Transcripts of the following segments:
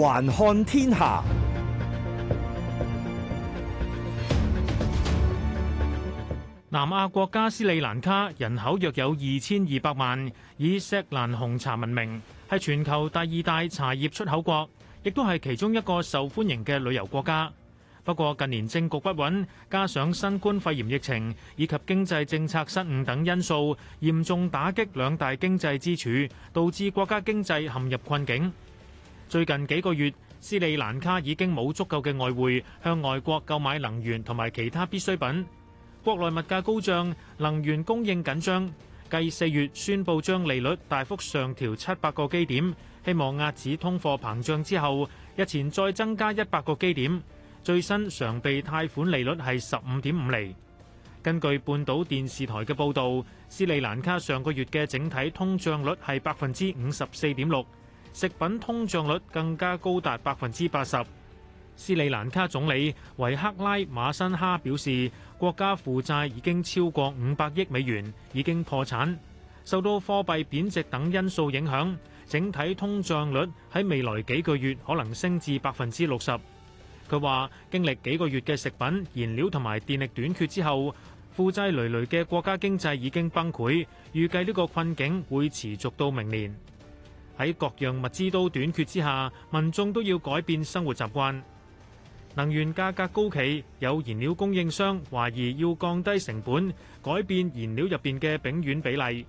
環看天下，南亞國家斯里蘭卡人口約有二千二百萬，以錫蘭紅茶聞名，係全球第二大茶葉出口國，亦都係其中一個受歡迎嘅旅遊國家。不過近年政局不穩，加上新冠肺炎疫情以及經濟政策失誤等因素，嚴重打擊兩大經濟支柱，導致國家經濟陷入困境。最近幾個月，斯里蘭卡已經冇足夠嘅外匯向外國購買能源同埋其他必需品，國內物價高漲，能源供應緊張。繼四月宣佈將利率大幅上調七百個基點，希望壓止通貨膨脹之後，日前再增加一百個基點，最新常備貸款利率係十五點五厘。根據半島電視台嘅報導，斯里蘭卡上個月嘅整體通脹率係百分之五十四點六。食品通脹率更加高達百分之八十。斯里蘭卡總理維克拉馬辛哈表示，國家負債已經超過五百億美元，已經破產。受到貨幣貶值等因素影響，整體通脹率喺未來幾個月可能升至百分之六十。佢話：經歷幾個月嘅食品、燃料同埋電力短缺之後，負債累累嘅國家經濟已經崩潰，預計呢個困境會持續到明年。喺各樣物資都短缺之下，民眾都要改變生活習慣。能源價格高企，有燃料供應商懷疑要降低成本，改變燃料入面嘅丙烷比例。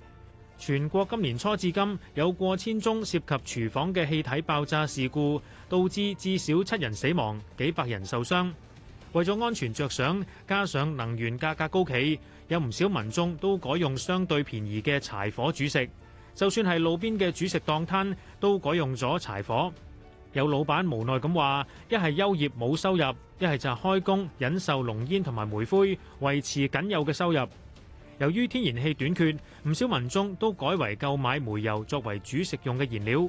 全國今年初至今有過千宗涉及廚房嘅氣體爆炸事故，導致至少七人死亡、幾百人受傷。為咗安全着想，加上能源價格高企，有唔少民眾都改用相對便宜嘅柴火煮食。就算係路邊嘅煮食檔攤，都改用咗柴火。有老闆無奈咁話：一係休業冇收入，一係就係開工忍受濃煙同埋煤灰，維持僅有嘅收入。由於天然氣短缺，唔少民眾都改為購買煤油作為煮食用嘅燃料。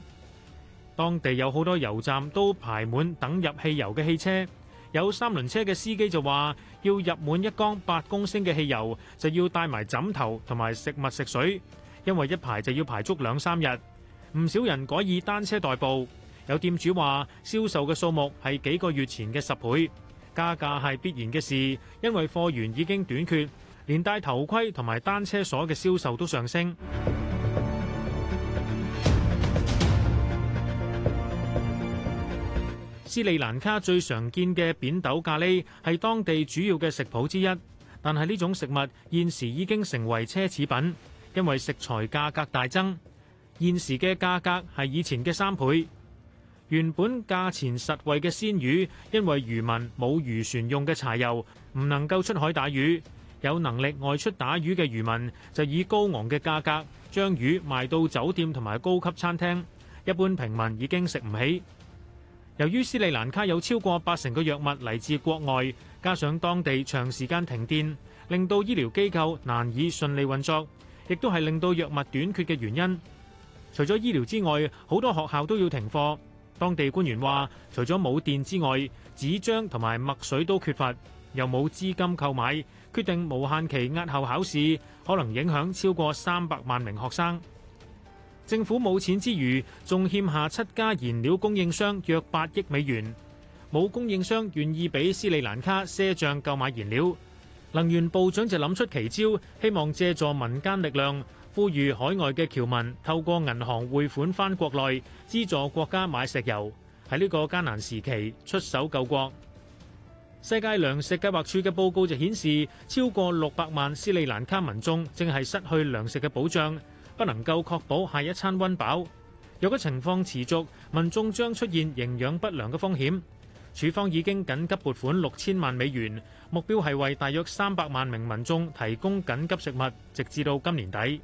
當地有好多油站都排滿等入汽油嘅汽車。有三輪車嘅司機就話：要入滿一缸八公升嘅汽油，就要帶埋枕頭同埋食物食水。因為一排就要排足兩三日，唔少人改以單車代步。有店主話，銷售嘅數目係幾個月前嘅十倍，加價係必然嘅事，因為貨源已經短缺。連帶頭盔同埋單車鎖嘅銷售都上升。斯里蘭卡最常見嘅扁豆咖喱係當地主要嘅食譜之一，但係呢種食物現時已經成為奢侈品。因為食材價格大增，現時嘅價格係以前嘅三倍。原本價錢實惠嘅鮮魚，因為漁民冇漁船用嘅柴油，唔能夠出海打魚。有能力外出打魚嘅漁民就以高昂嘅價格將魚賣到酒店同埋高級餐廳。一般平民已經食唔起。由於斯里蘭卡有超過八成嘅藥物嚟自國外，加上當地長時間停電，令到醫療機構難以順利運作。亦都係令到藥物短缺嘅原因。除咗醫療之外，好多學校都要停課。當地官員話，除咗冇電之外，紙張同埋墨水都缺乏，又冇資金購買，決定無限期押後考試，可能影響超過三百萬名學生。政府冇錢之餘，仲欠下七家燃料供應商約八億美元，冇供應商願意俾斯里蘭卡賒賬購買燃料。能源部長就諗出奇招，希望借助民間力量，呼籲海外嘅僑民透過銀行匯款翻國內，資助國家買石油。喺呢個艱難時期，出手救國。世界糧食計劃署嘅報告就顯示，超過六百萬斯里蘭卡民眾正係失去糧食嘅保障，不能夠確保下一餐温飽。若果情況持續，民眾將出現營養不良嘅風險。署方已經緊急撥款六千萬美元。目標係為大約三百萬名民眾提供緊急食物，直至到今年底。